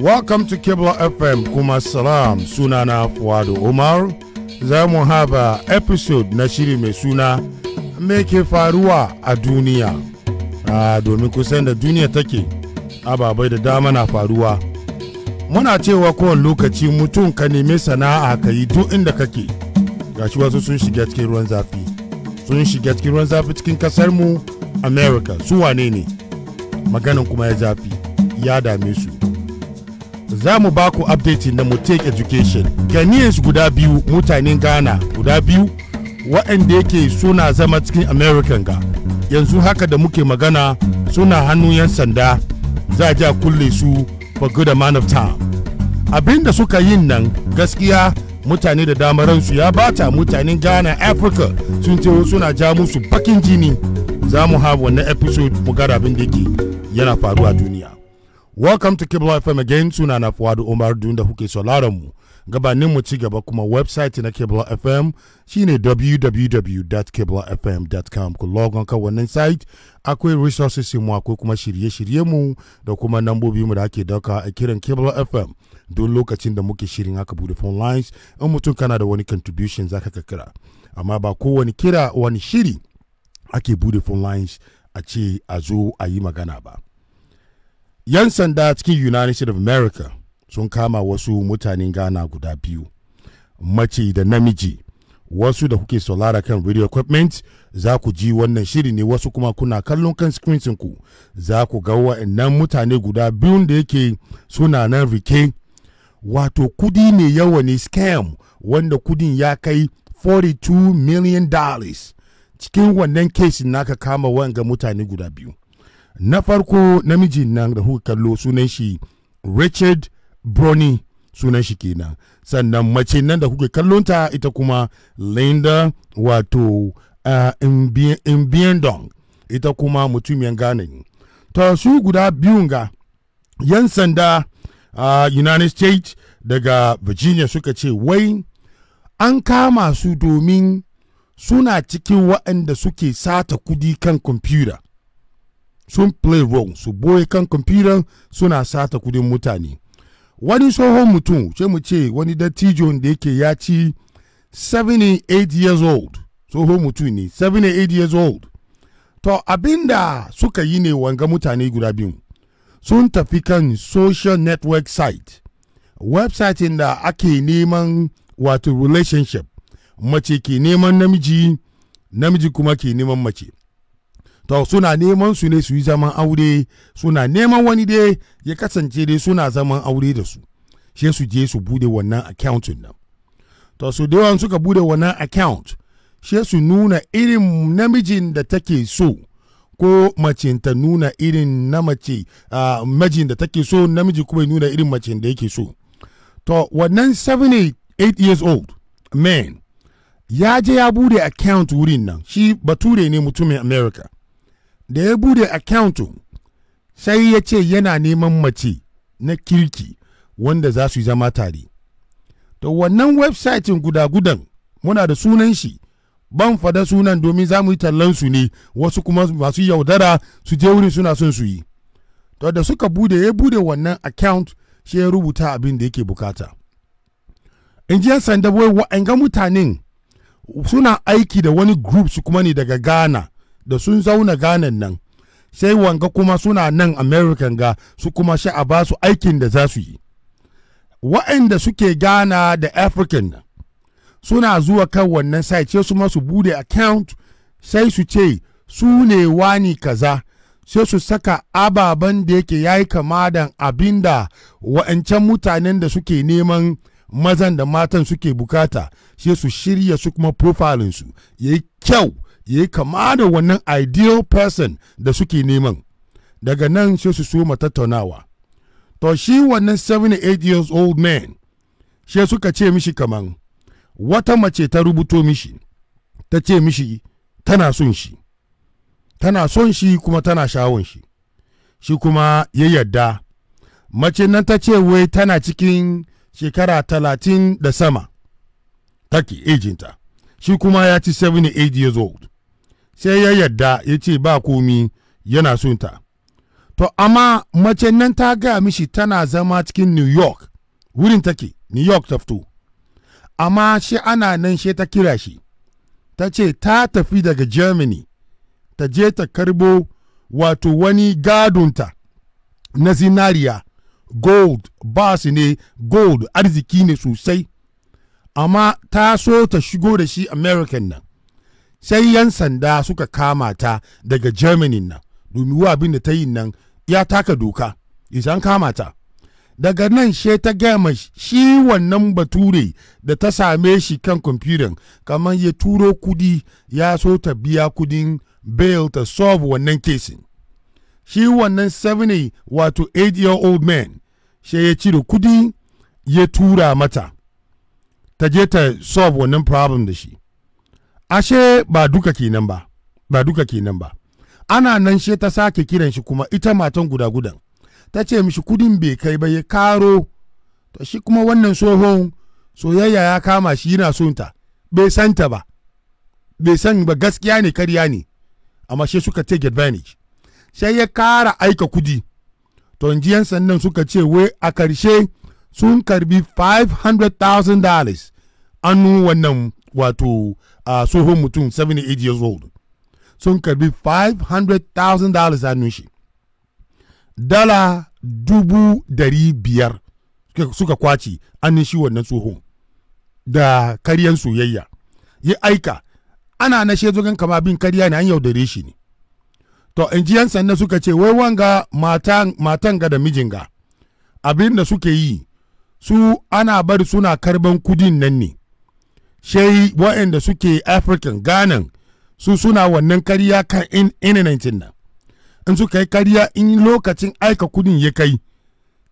Welcome to Kibla FM kuma salam suna na Fuadu Umar za mu haba episode na shiri mai suna me ke faruwa a duniya domin kusan da duniya take ababai da dama na faruwa muna cewa kowane lokaci mutum ka nemi sana'a ka yi duk inda kake gashi wasu sun shiga cikin ruwan zafi sun shiga cikin ruwan zafi cikin kasar mu america su wane ne maganin kuma ya zafi ya dame su za mu ba ku updating na Mutake Education. Ghanaians guda biyu mutanen Ghana guda biyu waɗanda yake suna zama cikin American ga. Yanzu haka da muke magana suna hannun 'yan sanda za a kulle su for good amount of time. Abin da suka yin nan gaskiya mutane da damaransu ya bata mutanen Ghana Africa sun ce suna ja musu bakin jini. Za mu have wannan episode mu gara abin da yake yana faruwa duniya. Welcome to Kibla FM again suna na Fuadu Umar da kuke sauraron mu. Gabanin mu ci gaba kuma website na Kibla FM shine www.kiblafm.com ku logon ka wannan site akwai resources mu akwai kuma shirye-shirye mu da kuma nambobi mu da ake dauka a kiran Kibla FM don lokacin da muke shirin haka bude phone lines in mutum kana da wani contribution zaka ka kira amma ba kowane kira wani shiri ake bude phone lines a ce a zo a yi magana ba. 'yan sanda cikin united states of america sun kama wasu mutanen ghana guda biyu mace da namiji wasu da kuke saurara kan radio equipment za ku ji wannan shiri ne wasu kuma kuna kallon kan screen ku za ku ga wa'annan mutane guda biyun da yake suna nan rike wato kudi ne yawa ne scam wanda kudin ya kai 42 million dollars cikin wannan kesin naka kama wanga mutane guda biyu na farko namijin nan da kuka kallo sunan shi richard brony sunan shi kenan sannan mace nan da kuke kallonta ita kuma linda wato uh, ita kuma mutumiyan ghana ta su guda biyun ga yan sanda a uh, united states daga virginia suka ce wai an kama su domin suna cikin waɗanda suke sata kudi kan kwamfuta sun play wrong su boye kan kwamfuran suna sata kudin mutane wani tsohon mutum ce mu ce wani dattijo da yake ya ci 78 years old tsohon mutum ne 78 years old to abinda suka yi ne wanga mutane guda biyu sun tafi kan social network site website da ake neman wato relationship mace ke neman namiji namiji kuma ke neman mace to suna neman su ne su yi zaman aure suna neman wani dai ya kasance dai suna zaman aure da su she su je su bude wannan account nan to su da suka bude wannan account she su nuna irin namijin da take so ko mace ta nuna irin na mace a majin da take so namiji kuma nuna irin mace da yake so to wannan 78 years old man ya je ya bude account wurin nan shi bature ne mutumin america da ya bude accountin sai ya ce yana neman mace na kirki wanda za su yi zama tare to wannan website guda-gudan muna da sunan shi ban fada sunan domin za mu yi tallansu ne wasu kuma masu yaudara su je wurin suna son su yi to da suka bude ya bude wannan account shi ya rubuta abin da yake bukata in ji yan sanda wa'anga mutanen suna aiki da wani group su kuma ne daga ghana da sun zauna ganan nan sai wanga kuma suna nan american ga su kuma sha a basu aikin da za su yi waɗanda suke gana da african nan suna zuwa kan wannan site sai su masu bude account sai su ce su ne wani kaza sai su saka ababen da yake kamadan kama da abinda wa'ancan mutanen da suke neman mazan da matan suke bukata sai su shirya su kuma profilinsu ya yi kyau ya yi kama da wannan ideal person da suke neman daga nan sai su soma tattaunawa to shi wannan 78 years old man shi suka ce mishi kaman wata mace ta rubuto mishi ta ce mishi tana son shi tana son shi kuma tana shawon shi shi kuma ya yarda mace nan ta ce wai tana cikin shekara talatin da sama take ejinta shi kuma ya ci 78 years old sai ya yarda ya ce ba komi yana son ta to amma mace nan ta gaya mishi tana zama cikin new york wurin take new york ta fito amma shi ana nan shi ta kira shi ta ce ta tafi daga germany ta je ta karbo wato wani gadonta na zinariya gold ba su ne gold arziki ne sosai amma ta so ta shigo da shi american nan sai yan sanda suka kama ta daga germany nan domin abin da ta yi nan ya taka doka isan kama ta daga nan she ta gama shi wannan bature da ta same shi kan kwamfutan kamar ya turo kudi ya so ta biya kudin bail ta solve wannan case shi wannan 70 wato 8 year old man she ya cire kudi ya tura mata ta je ta solve wannan problem da shi ashe ba duka kenan ba ba duka kenan ba ana nan she ta sake kiran shi kuma ita matan guda gudan ta ce mishi kudin bai kai ba ya karo to shi kuma wannan sohon soyayya ya kama shi yana son ta bai san ta ba bai san ba gaskiya ne karya ne amma she suka take advantage sai ya kara aika kudi to jiyan sannan suka ce wai a karshe sun karbi $500,000 annu wannan wato a tsohon mutum 78 years old sun karbi $500,000 hannun shi dala dubu dari biyar suka kwaci hannun shi wannan tsohon da karyan soyayya yi aika ana na gan kama bin karya ne an yaudare shi ne to in ji yan sanda suka ce wai wanga matan, ga da mijin ga abin da suke yi su ana bari suna karban kudin nan ne shai waɗanda suke african ghana su suna wannan kariya kan inanancin nan in suka yi kariya in lokacin aika kudin ya kai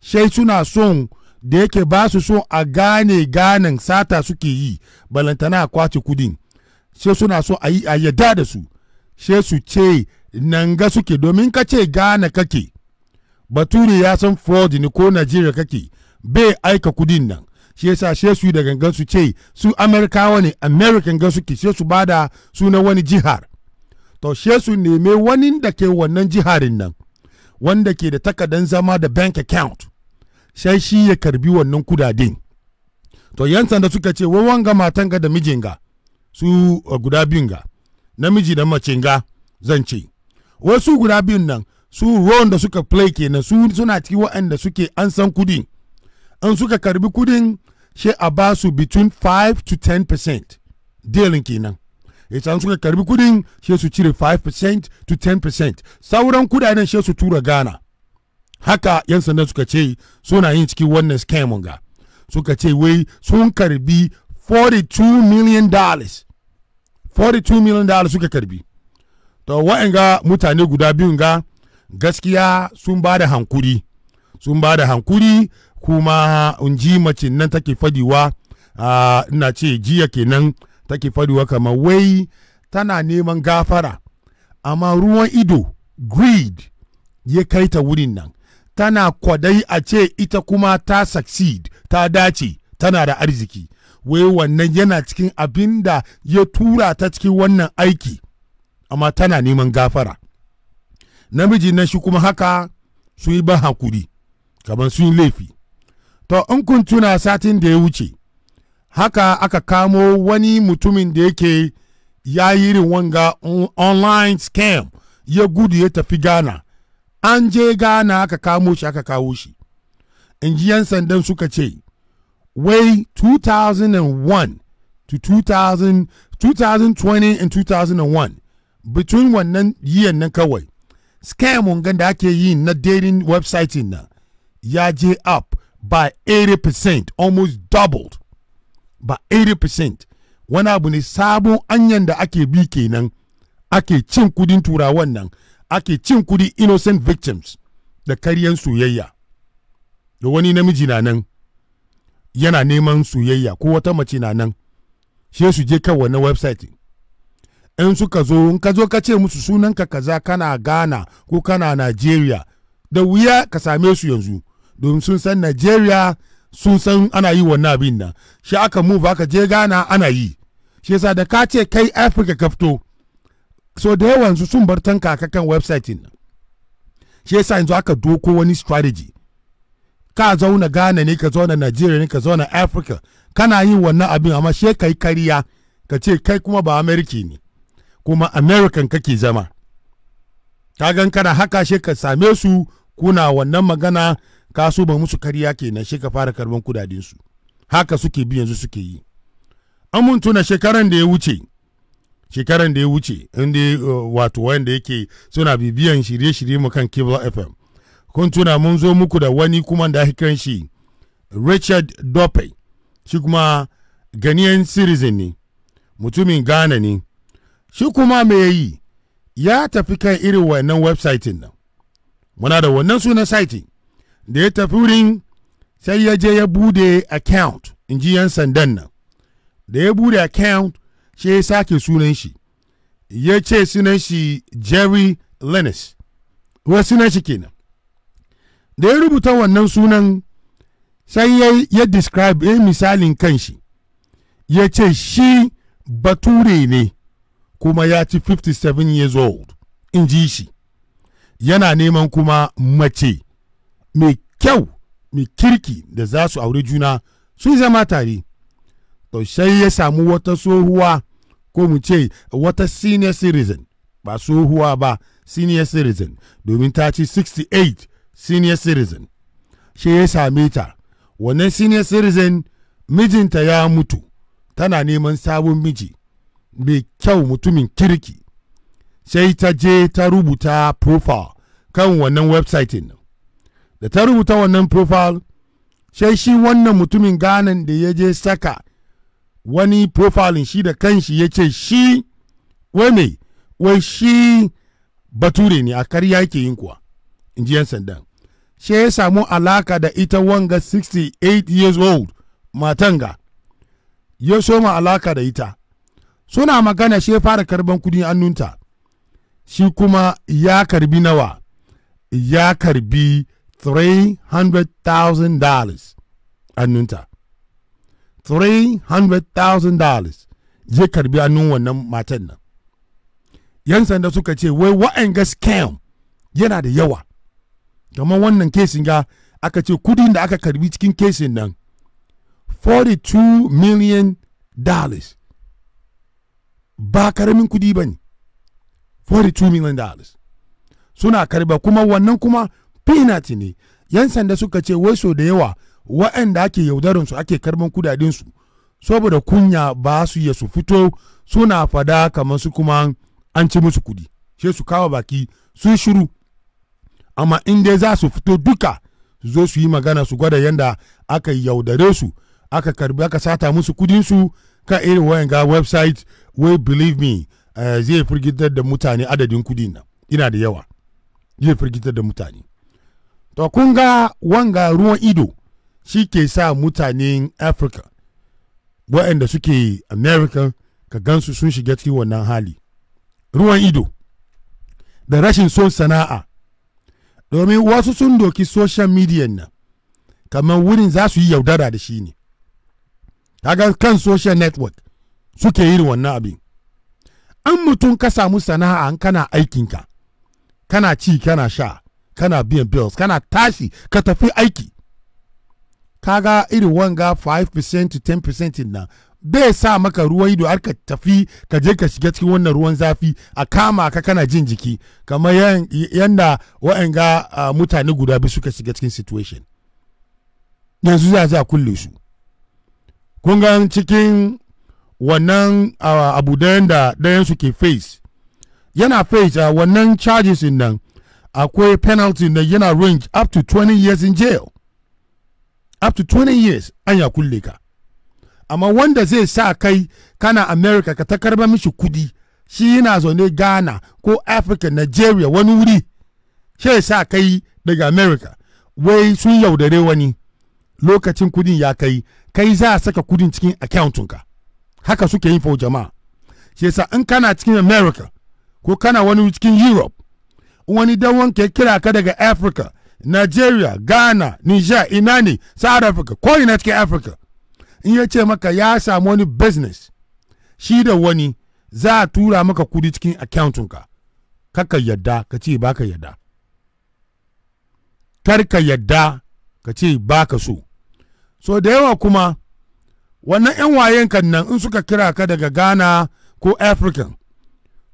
shai suna son da yake ba su so a gane ganan sata suke yi balantana a kwace kudin sai suna so a yi a yadda da su sai su ce nan ga suke domin ka ce gane kake bature ya san fraud ne ko najeriya kake bai aika kudin nan shi yasa she su da gangan su ce su amerikawa ne american ga suke she su bada suna wani jihar to she su neme wani da ke wannan jiharin nan wanda ke da takardan zama da bank account sai shi ya karbi wannan kudaden to yan sanda suka ce wai ga matan ga da mijin ga su uh, guda biyun ga namiji da mace ga zan ce wasu guda biyun nan su ruwan da suka play kenan su suna cikin waɗanda suke an san kudin an suka karbi kudin shi a ba su between 5 to 10 percent dealin kenan ita an suka karbi kudin shi su cire 5 percent to 10 percent sauran kudaden shi su tura ghana haka yan sanda suka ce suna yin cikin wannan scam ga suka ce wai sun karbi 42 million dollars 42 million dollars suka karbi to ga mutane guda biyun ga gaskiya sun ba da hankuri sun ba da hankuri kuma in ji mace nan take fadiwa ina ce jiya kenan take fadiwa kamar wai tana neman gafara amma ruwan ido greed ya kai ta wurin nan tana kwadai a ce ita kuma ta succeed ta dace tana da arziki wai wannan yana cikin abin da ya tura ta cikin wannan aiki amma tana neman gafara namiji na shi kuma haka sun yi ban hakuri kamar sun laifi to in kun tuna satin da ya wuce haka aka kamo wani mutumin da yake ya yi irin wanga online scam ya gudu ya tafi ghana an je ghana aka kamo shi aka kawo shi in ji sandan suka ce wai 2001 to 2020 and 2001 between wannan yiyan nan kawai scam da ake yi na dating website na ya je up by 80% almost doubled by 80% wani abu ne sabon anyan da ake bi kenan ake cin kudin turawan nan ake cin kudi innocent victims da karyan soyayya da wani namiji na nan yana neman soyayya ko wata mace na nan sai su je kan wani website in suka zo in ka zo ka ce musu sunanka kaza kana ghana ko kana nigeria da wuya ka same su yanzu domin sun san Najeriya sun san ana yi wannan abin nan shi aka move aka je Ghana ana yi shi yasa da ka ce kai Africa ka fito so da yawan su sun bar tanka ka kan website din shi yasa yanzu aka doko wani strategy ka zauna Ghana ne ka zauna Najeriya ne ka zauna Africa kana yin wannan abin amma she kai kariya ka ce kai kuma ba America ne kuma American kake zama ka gan kana haka she ka same su kuna wannan magana ka so ba musu karya kenan shi ka fara karban kudaden su haka suke bi yanzu suke yi an mun tuna shekaran da ya wuce shekaran da ya wuce inda uh, wato wanda yake suna bibiyan shirye-shirye mu kan Cable FM kun tuna mun zo muku da wani kuma da hikan shi Richard Dope shi kuma Ghanaian citizen ne mutumin Ghana ne shi kuma me yi ya tafi kan irin wannan website nan muna da wannan sunan site da ya tafi wurin sai ya je ya bude account in ji 'yan sandan nan da ya bude account shi ya sake sunan shi ya ce sunan shi jerry lennis wasu sunan shi kenan da ya rubuta wannan sunan sai ya, ya describe ya misalin kanshi ya ce shi bature ne kuma ya ci 57 years old in ji shi yana neman kuma mace mai kyau mai kirki da za su aure juna sun zama tare to sai ya samu wata tsohuwa ko mu ce wata senior citizen ba tsohuwa ba senior citizen domin ta ci 68 senior citizen shi ya same ta wannan senior citizen mijinta ya mutu tana neman sabon miji mai kyau mutumin kirki sai ta je ta rubuta profile kan wannan website da ta rubuta wannan profile sai shi wannan mutumin ganan da ya je saka wani profilin shi da kanshi ya ce shi wai mai wai shi bature ne a karya yake yin kuwa in ji 'yan sandan shi ya samu alaka da ita wanga 68 years old matanga ya soma alaka da ita suna magana shi ya fara karban kudin annunta shi kuma ya karbi nawa ya karbi $300,000 thousand $300,000 zai karbi a nun wannan matan nan yan sanda suka ce wai ga scam yana da yawa kamar wannan kesin ga aka ce kudin da aka karbi cikin kesin nan 42 million dollars ba karamin kudi ba ne 42 million dollars suna karba kuma wannan kuma peanut ne yan sanda suka ce wai so da yawa waɗanda ake su ake karban su saboda kunya ba su iya su fito suna fada kamar su kuma an ci musu kudi sai su kawo baki su shiru amma in dai za su fito duka zo su yi magana su gwada yadda aka yaudare su aka karbi aka sata musu kudin su ka irin wayan ga website we believe me eh, zai firgitar da mutane adadin kudin nan ina da yawa zai firgitar da mutane to kun ga wanga ruwan ido shi ke sa mutanen afirka waɗanda suke america ka gansu sun shiga cikin wannan hali ruwan ido da rashin son sana'a domin wasu sun doki social media nan kamar wurin za su yi yaudara da shi ne kaga kan social network suke yin wannan abin an mutum ka samu sana'a kana aikinka kana ci kana sha kana biyan bills kana tashi ka tafi aiki kaga irin wanga 5% to 10% na bai sa maka ruwan ido har ka tafi ka je ka shiga cikin wannan ruwan zafi a kama ka kana jin jiki kamar yadda wa'anga mutane guda biyu suka shiga cikin situation yanzu za a kulle su kun ga cikin wannan abu abu da dayan su ke face yana face a wannan charges nan akwai penalty na yana range up to 20 years in jail up to 20 years an ya kulle ka amma wanda zai sa kai kana america ka ta karba mishi kudi shi yana zaune ghana ko africa nigeria wani wuri shi sa kai daga america wai sun yaudare wani lokacin kudin ya kai kai za a saka kudin cikin ka haka suke yin fa jama'a shi yasa in kana cikin america ko kana wani cikin europe wani dan wanke kira ka daga Africa, Nigeria, Ghana, Niger, inani ne, South Africa, ko ina cikin Africa. In ya ce maka ya samu wani business, shi da wani za a tura maka kudi cikin accountinka. Kaka yadda ka ce baka yadda. Karka yadda ka ce baka so. So da yawa kuma, wannan 'yan wayen kan nan in suka kira ka daga Ghana ko African,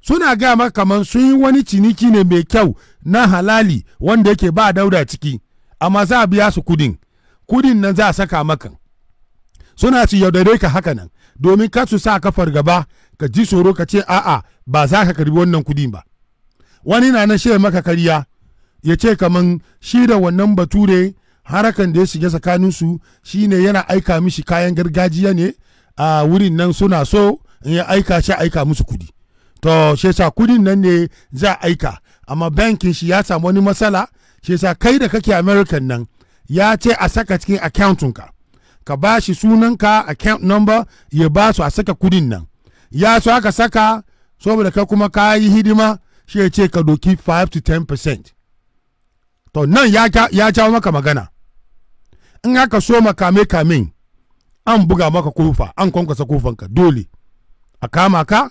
suna gaya maka kamar sun yi wani ciniki ne mai kyau na halali wanda yake ba dauda ciki amma za a biya su kudin kudin nan za a saka maka suna ci yaudare ka haka nan domin ka su sa kafar gaba ka ji tsoro ka ce a'a ba za ka karbi wannan kudin ba wani na nan shirya maka karya ya ce kaman shi da wannan bature harakan da ya shiga tsakanin su shine yana aika mishi kayan gargajiya ne a wurin nan suna so in ya aika shi aika musu kudi to shi yasa kudin nan ne za a aika amma bankin shi ya samu wani matsala shi kai da kake american nan ya ce a saka cikin accountinka ka ba shi ka account number ya ba su a saka kudin nan ya so aka saka saboda ka kuma ka yi hidima shi ya ce ka doki 5 to 10 percent to nan ya jawo maka magana in aka so makame kamin an buga maka kofa an kwankwasa kofanka dole a kama ka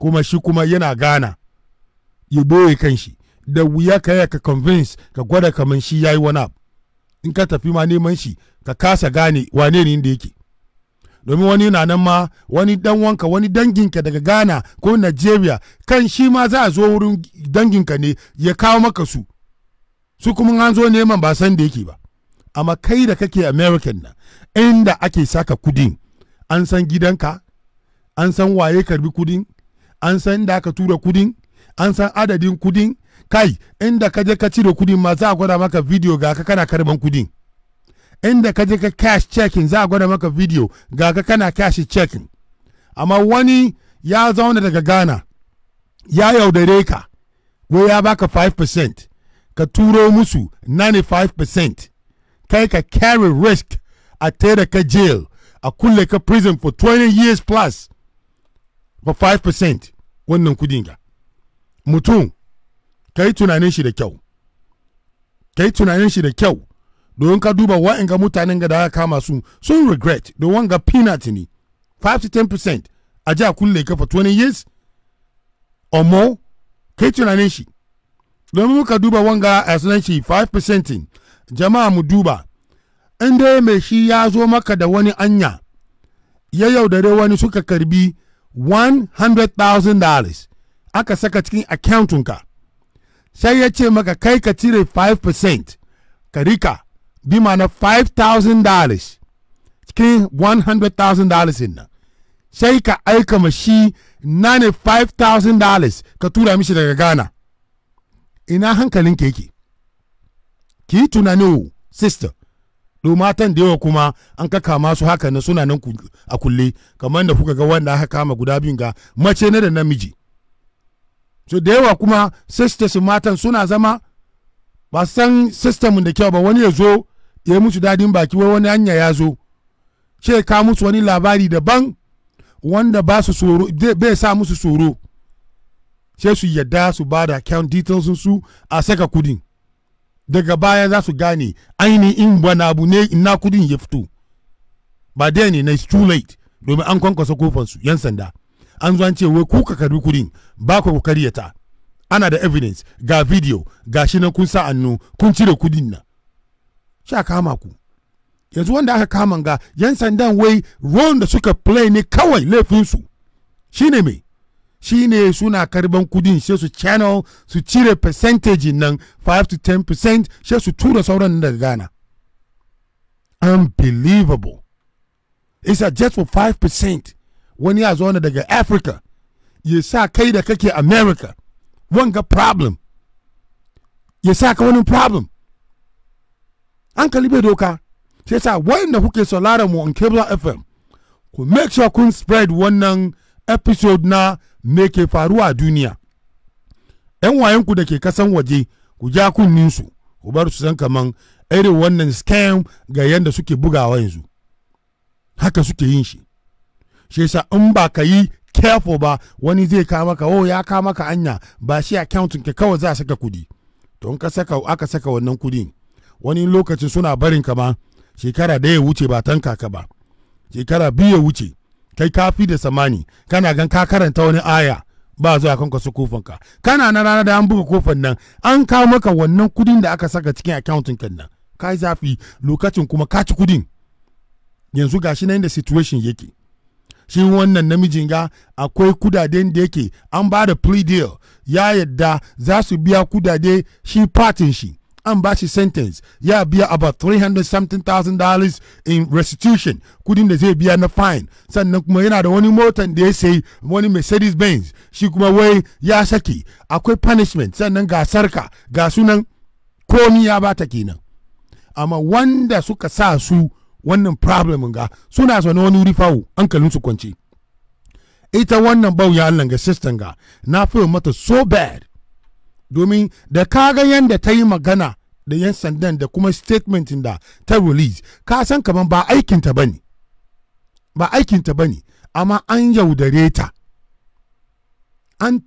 kuma shi kuma yana gana ya boye kan shi da wuya ka ka convince ka gwada kamar shi yayi wani abu in ka tafi ma neman shi ka kasa gane wane ne inda yake domin wani na nan ma wani dan wanka wani danginka daga ghana ko nigeria kan shi ma za a zo wurin danginka ne ya kawo maka su su kuma an zo neman ba san da yake ba amma kai da kake american na inda ake saka kudin an san gidanka an san waye karbi kudin an san inda aka tura kudin an san adadin kudin kai inda ka je ka cire kudin ma za a gwada maka video ga ka kana karban kudin inda ka je ka cash checking za a gwada maka video ga ka kana cash checking amma wani ya zauna daga ghana ya yaudare ka wai ya baka 5% ka turo musu 95% kai ka carry risk a tere ka jail a kulle ka prison for 20 years plus fa 5% wannan kudin ga mutum ka yi tunanin shi da kyau ka yi tunanin shi da kyau domin ka duba wa'in ga mutanen ga da aka kama su sun regret domin ga peanut ne 5 to 10% a ji a kulle kafa 20 years or more ka yi tunanin shi domin muka duba wanga a sunan shi 5% jama'a mu duba inda mai shi ya zo maka da wani anya ya yaudare wani suka karbi $100,000 aka saka cikin ka sai ya ce maka kai ka cire 5% ka rika bi mana $5,000 cikin $100,000 din nan sai ka aika ma mashi $95,000 ka tura mishi daga Ghana ina hankalin yake ki tunani o oh, sister do matan da yawa kuma an ka kama su haka nan suna nan a kulle kamar da kuka ga wanda aka kama guda biyu ga mace ne da namiji so da yawa kuma sisters matan suna zama ba san system da kyau ba wani ya zo ya yi musu dadin baki wai wani hanya ya zo ce ka musu wani labari daban wanda ba su tsoro bai sa musu tsoro sai su yadda su bada da account details su a saka kudin daga baya za su gane ainihin wani abu ne na kudin ya fito ba dai ne na too late domin an kwankwasa kofansu yan sanda an zuwa ce wai kuka karbi kudin ba ku karyata ana da evidence ga video ga shi na kun sa annu kun cire kudin nan sha kama ku yanzu wanda aka kama ga yan sandan wai ruwan da suka play ne kawai laifinsu shine mai shine suna karban kudin sai su channel su cire percentage nan 5 to 10 percent sai su tura sauran daga ghana unbelievable isa just for 5 percent wani ya zauna daga africa ya sa kai da kake america wanga problem ya sa ka wani problem an kalibe doka sai sa wanda kuke sauraron mu on cable fm ku make sure kun spread wannan episode na me ke faruwa a duniya yan wayanku da ke kasan waje ku ja kunninsu ku bar su san kaman irin wannan scam ga yadda suke bugawa yanzu haka suke yin shi shi yasa in ba ka yi careful ba wani zai ka maka oh ya ka maka anya ba shi accountin ka kawai za saka kudi to in ka saka aka saka wannan kudin wani lokacin suna barin ka ma shekara da ya wuce ba tanka ka ba shekara biyu ya wuce kai kafi da samani kana gan ka karanta wani aya ba zuwa kan kasu kofanka kana na rana da an buga kofan nan an kawo maka wannan kudin da aka saka cikin akawuntin kan nan ka zafi lokacin kuma ka ci kudin yanzu gashi nan da situation yake shi wannan namijin ga akwai kudaden da yake an ba da plea deal ya yadda za su biya kudade shi fatin shi an ba shi sentence ya biya about hundred something thousand dollars in restitution kudin da zai biya na fine sannan kuma yana da wani motan da ya sayi wani mercedes benz shi kuma wai ya saki akwai punishment sannan ga sarka ga sunan komi ya bata kenan amma wanda suka sa su wannan problem ga suna zaune wani wuri fawo hankalin su kwanci ita wannan bauya Allah ga system ga na fi mata so bad domin da ka ga yadda ta yi magana da 'yan sandan da kuma statement da ta release ka san kamar ba aikinta ba ne ba aikinta ba ne amma an yaudare ta an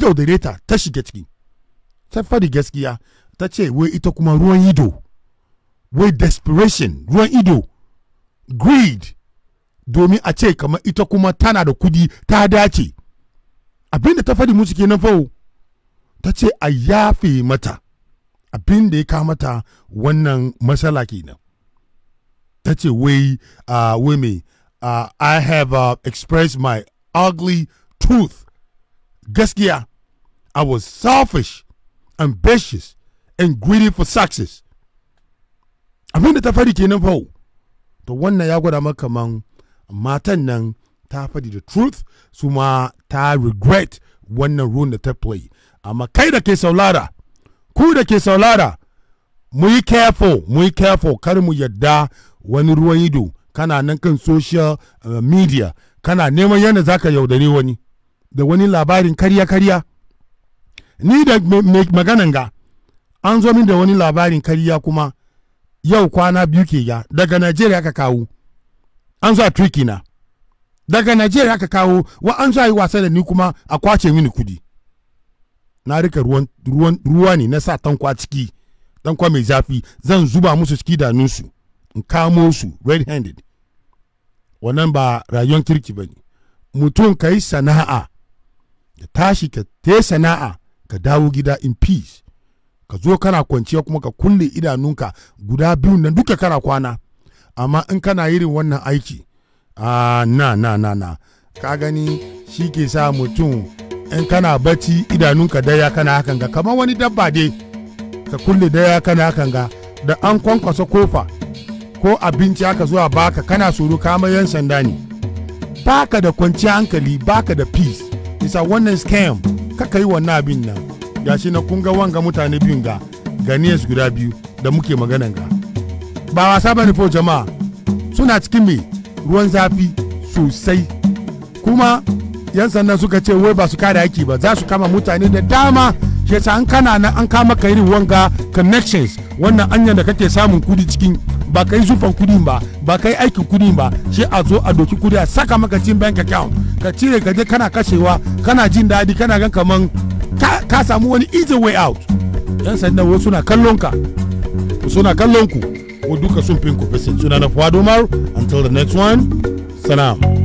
yaudare ta ta shiga ciki ta fadi gaskiya ta ce wai ita kuma ruwan ido wai desperation ruwan ido greed domin a ce kamar ita kuma tana da kudi ta dace abinda ta fadi musu kenan fawo ta ce a yafe mata abin da ya ka mata wannan matsala kenan ta ce wai wai me i have uh, expressed my ugly truth gaskiya i was selfish ambitious and greedy for success abin da ta fari kenan fa to wannan ya gwada makaman matan nan ta faɗi the truth su ma ta regret wannan role da ta play amma kai da ke saulara ku da ke saulara mu yi careful mu yi careful kar mu yadda wani ruwan ido kana nan kan social eh, media kana neman yadda za ka yaudare wani da wani labarin karya-karya ni da maganan ga an zo min da wani labarin karya kuma yau kwana biyu ke ya daga najeriya ka kawo an zo a na daga najeriya ka kawo wa an zo a yi wasa da ni kuma a kwace mini kudi na rika ruwan ruwa ne na sa tankwa ciki tankwa mai zafi zan zuba musu ciki da nusu in kamo su red handed wannan ba rayuwar kirki ba ne mutum ka yi sana'a da tashi ka te sana'a ka dawo gida in peace ka zo kana kwanciya kuma ka kulle idanunka guda biyu na duka kana kwana amma in kana irin wannan aiki a ah, na na na na ka gani shi ke sa mutum in kana bacci idanunka daya kana hakan ga kamar wani dabba ne ka kulle daya kana hakan ga da an kwankwasa kofa ko abinci aka zuwa baka kana tsoro kamar yan sanda ne baka da kwanciyar hankali baka da peace isa wannan scam kaka yi wannan abin nan ya shi na kunga wanga mutane biyun ga ganiyas guda biyu da muke maganan ga ba wasa bane fo jama'a suna cikin mai ruwan zafi sosai kuma yan sannan suka ce wai ba su kare aiki ba za su kama mutane da dama shi an kana na an kama ka irin wanga connections wannan anyan da kake samun kudi cikin ba kai zufan kudi ba ba kai aikin kudi ba shi a zo a doki kudi a saka maka cin bank account ka cire ka je kana kashewa kana jin daɗi kana gan kaman ka samu wani easy way out yan sanda wasu suna kallon ka suna kallon ku ko duka sun finku fesin suna na fado maru until the next one salam